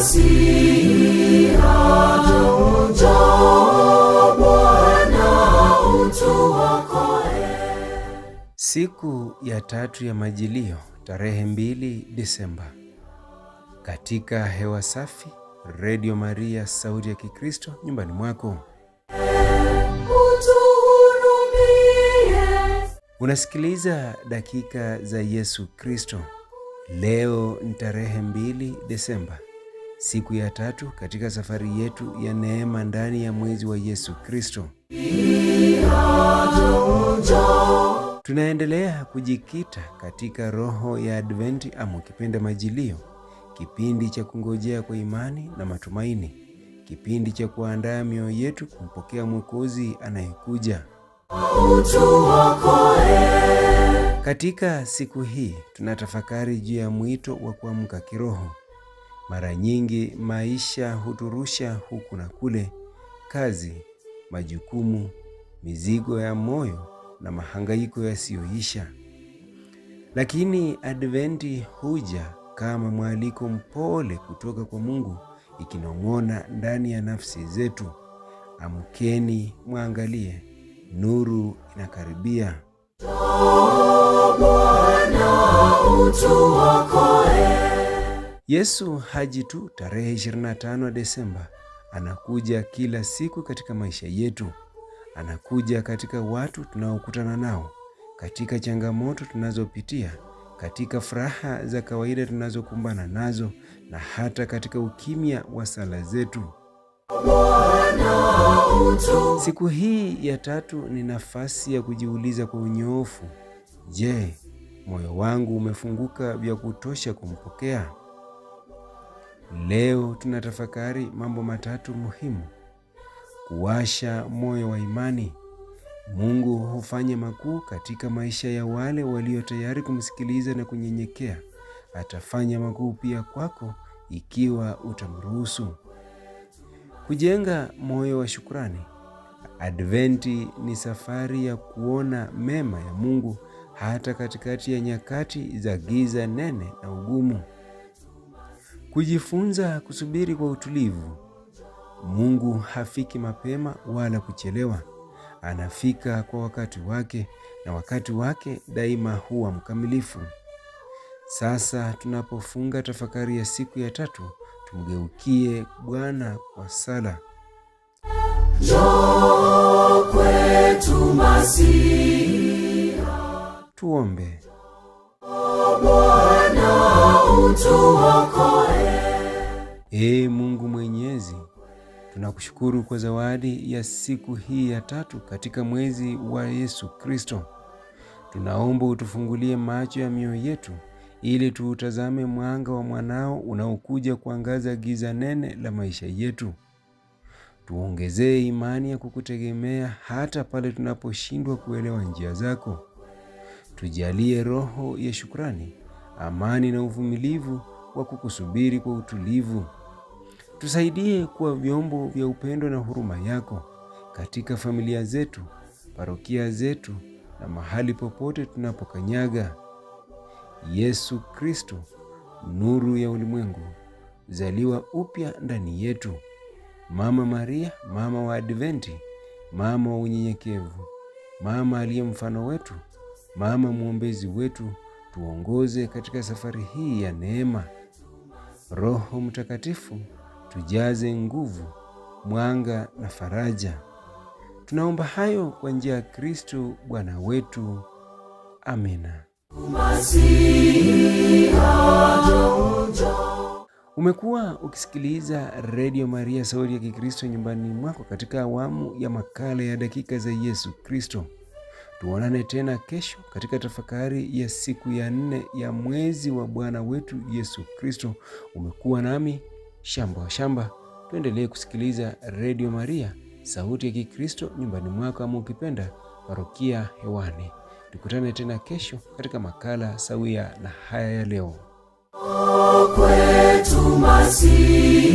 Masiha, Bwana utuokoe. Siku ya tatu ya Majilio, tarehe 2 Disemba. Katika hewa safi, redio Maria, sauti ya Kikristo nyumbani mwako. Unasikiliza dakika za Yesu Kristo. Leo ni tarehe 2 Desemba siku ya tatu katika safari yetu ya neema ndani ya mwezi wa Yesu Kristo. Tunaendelea kujikita katika roho ya Adventi ama ukipenda Majilio, kipindi cha kungojea kwa imani na matumaini, kipindi cha kuandaa mioyo yetu kumpokea Mwokozi anayekuja. Katika siku hii tunatafakari juu ya mwito wa kuamka kiroho mara nyingi maisha huturusha huku na kule, kazi, majukumu, mizigo ya moyo na mahangaiko yasiyoisha. Lakini adventi huja kama mwaliko mpole kutoka kwa Mungu, ikinong'ona ndani ya nafsi zetu, amkeni, mwangalie, nuru inakaribia. Bwana utuokoe. Yesu haji tu tarehe 25 Desemba. Anakuja kila siku katika maisha yetu, anakuja katika watu tunaokutana nao, katika changamoto tunazopitia, katika furaha za kawaida tunazokumbana nazo, na hata katika ukimya wa sala zetu. Siku hii ya tatu ni nafasi ya kujiuliza kwa unyoofu: Je, moyo wangu umefunguka vya kutosha kumpokea? Leo tunatafakari mambo matatu muhimu: kuwasha moyo wa imani. Mungu hufanya makuu katika maisha ya wale walio tayari kumsikiliza na kunyenyekea. Atafanya makuu pia kwako ikiwa utamruhusu. Kujenga moyo wa shukrani. Adventi ni safari ya kuona mema ya Mungu hata katikati ya nyakati za giza nene na ugumu. Kujifunza kusubiri kwa utulivu. Mungu hafiki mapema wala kuchelewa. Anafika kwa wakati wake na wakati wake daima huwa mkamilifu. Sasa tunapofunga tafakari ya siku ya tatu, tumgeukie Bwana kwa sala. Njoo kwetu Tuombe utuokoe. Eh. Ee Mungu Mwenyezi, tunakushukuru kwa zawadi ya siku hii ya tatu katika mwezi wa Yesu Kristo. Tunaomba utufungulie macho ya mioyo yetu ili tuutazame mwanga wa mwanao unaokuja kuangaza giza nene la maisha yetu. Tuongezee imani ya kukutegemea hata pale tunaposhindwa kuelewa njia zako. Tujalie roho ya shukrani amani na uvumilivu wa kukusubiri kwa utulivu. Tusaidie kuwa vyombo vya upendo na huruma yako katika familia zetu, parokia zetu na mahali popote tunapokanyaga. Yesu Kristo, nuru ya ulimwengu, zaliwa upya ndani yetu. Mama Maria, mama wa Adventi, mama wa unyenyekevu, mama aliye mfano wetu, mama mwombezi wetu tuongoze katika safari hii ya neema. Roho Mtakatifu, tujaze nguvu, mwanga na faraja. Tunaomba hayo kwa njia ya Kristo Bwana wetu. Amina. Umekuwa ukisikiliza Redio Maria, sauti ya Kikristo nyumbani mwako, katika awamu ya makala ya dakika za Yesu Kristo. Tuonane tena kesho katika tafakari ya siku ya nne ya mwezi wa Bwana wetu Yesu Kristo. Umekuwa nami Shamba wa Shamba. Tuendelee kusikiliza Redio Maria, sauti ya Kikristo nyumbani mwako, ama ukipenda parokia hewani. Tukutane tena kesho katika makala sawia na haya ya leo kwetu masihi